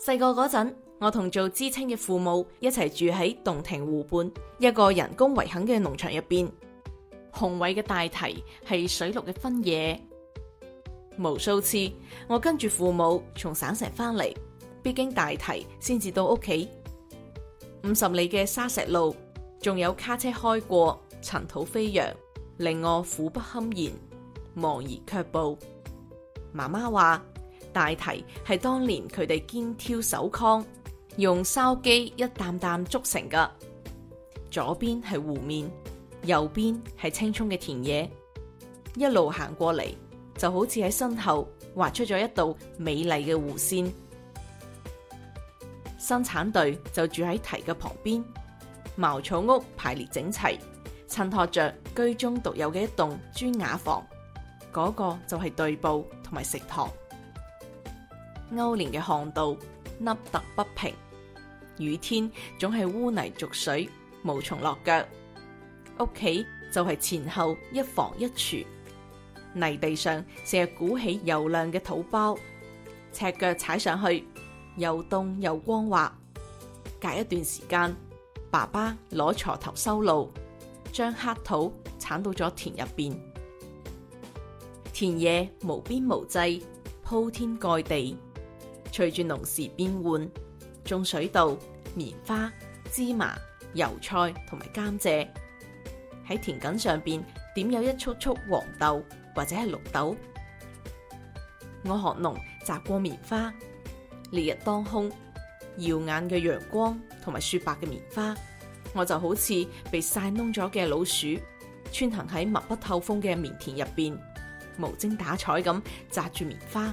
細個嗰陣，我同做知青嘅父母一齊住喺洞庭湖畔一個人工圍墾嘅農場入邊。雄偉嘅大堤係水陸嘅分野。無數次我跟住父母從省城翻嚟，必經大堤先至到屋企。五十里嘅沙石路，仲有卡車開過，塵土飛揚，令我苦不堪言，望而卻步。媽媽話。大堤係當年佢哋肩挑手扛，用箢箕一擔擔築成嘅。左邊係湖面，右邊係青蔥嘅田野，一路行過嚟就好似喺身後畫出咗一道美麗嘅弧線。生產隊就住喺堤嘅旁邊，茅草屋排列整齊，襯托着居中獨有嘅一棟磚瓦房。嗰、那個就係隊部同埋食堂。勾連嘅巷道凹凸不平，雨天總係污泥濁水，無從落腳。屋企就係前後一房一廚，泥地上成日鼓起油亮嘅土包，赤腳踩上去又凍又光滑。隔一段時間，爸爸攞鋤頭修路，將黑土鏟到咗田入邊。田野無邊無際，鋪天蓋地。隨住農時變換，種水稻、棉花、芝麻、油菜同埋甘蔗，喺田埂上邊點有一簇簇黃豆或者係綠豆。我學農摘過棉花，烈日當空，耀眼嘅陽光同埋雪白嘅棉花，我就好似被曬蔫咗嘅老鼠，穿行喺密不透風嘅棉田入邊，無精打采咁摘住棉花。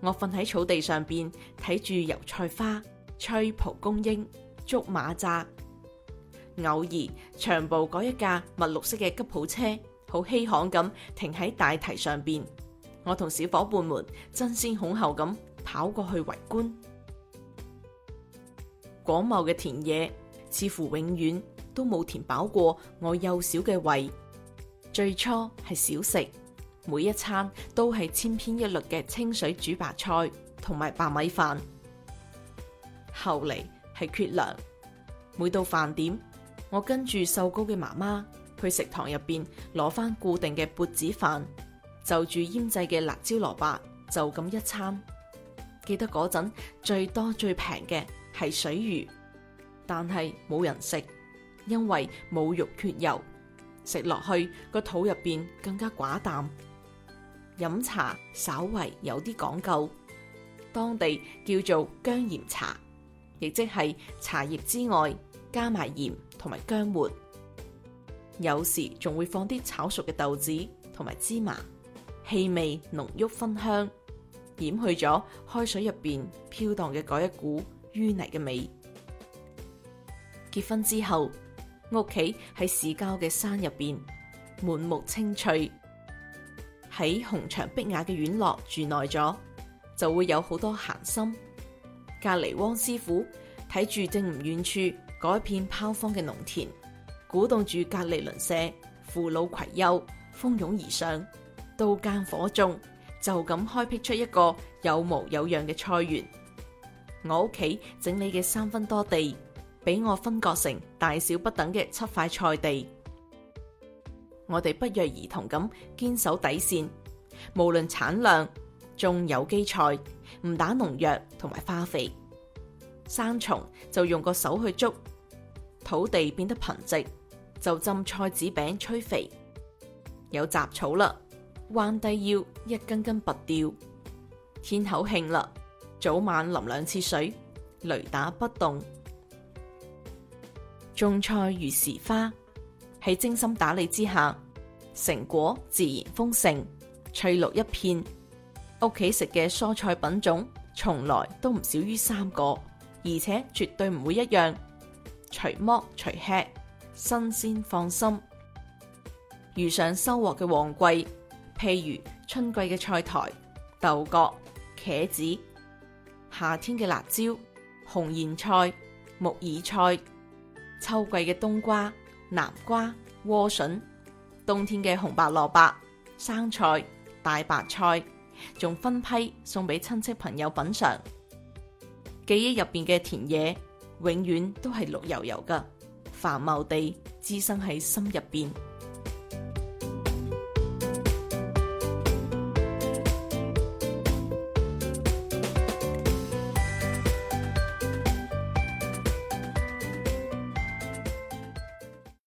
我瞓喺草地上邊，睇住油菜花、吹蒲公英、捉螞蚱，偶爾場部嗰一架墨綠色嘅吉普車，好稀罕咁停喺大堤上邊。我同小伙伴們爭先恐後咁跑過去圍觀。廣袤嘅田野似乎永遠都冇填飽過我幼小嘅胃。最初係少食。每一餐都係千篇一律嘅清水煮白菜同埋白米飯，後嚟係缺糧。每到飯點，我跟住瘦高嘅媽媽去食堂入邊攞翻固定嘅鉢子飯，就住醃製嘅辣椒蘿蔔，就咁一餐。記得嗰陣最多最平嘅係水魚，但係冇人食，因為冇肉缺油，食落去個肚入邊更加寡淡。飲茶稍為有啲講究，當地叫做薑鹽茶，亦即係茶葉之外加埋鹽同埋薑末，有時仲會放啲炒熟嘅豆子同埋芝麻，氣味濃郁芬香，掩去咗開水入邊飄蕩嘅嗰一股淤泥嘅味。結婚之後，屋企喺市郊嘅山入邊，滿目青翠。喺紅牆碧瓦嘅院落住耐咗，就會有好多閒心。隔籬汪師傅睇住正唔遠處嗰一片拋荒嘅農田，鼓動住隔籬鄰舍扶老携幼，蜂擁而上，刀耕火種，就咁開闢出一個有模有樣嘅菜園。我屋企整理嘅三分多地，俾我分割成大小不等嘅七塊菜地。我哋不約而同咁堅守底線，無論產量，種有機菜唔打農藥同埋化肥，生蟲就用個手去捉，土地變得貧瘠就浸菜籽餅催肥，有雜草啦，彎低腰一根根拔掉，天口慶啦，早晚淋兩次水，雷打不動，種菜如蒔花。喺精心打理之下，成果自然豐盛，翠綠一片。屋企食嘅蔬菜品種從來都唔少於三個，而且絕對唔會一樣，隨摘隨吃，新鮮放心。遇上收穫嘅旺季，譬如春季嘅菜薹、豆角、茄子，夏天嘅辣椒、紅莧菜、木耳菜，秋季嘅冬瓜。南瓜、萵筍，冬天嘅紅白蘿蔔、生菜、大白菜，仲分批送俾親戚朋友品嚐。記憶入邊嘅田野，永遠都係綠油油嘅，繁茂地滋生喺心入邊。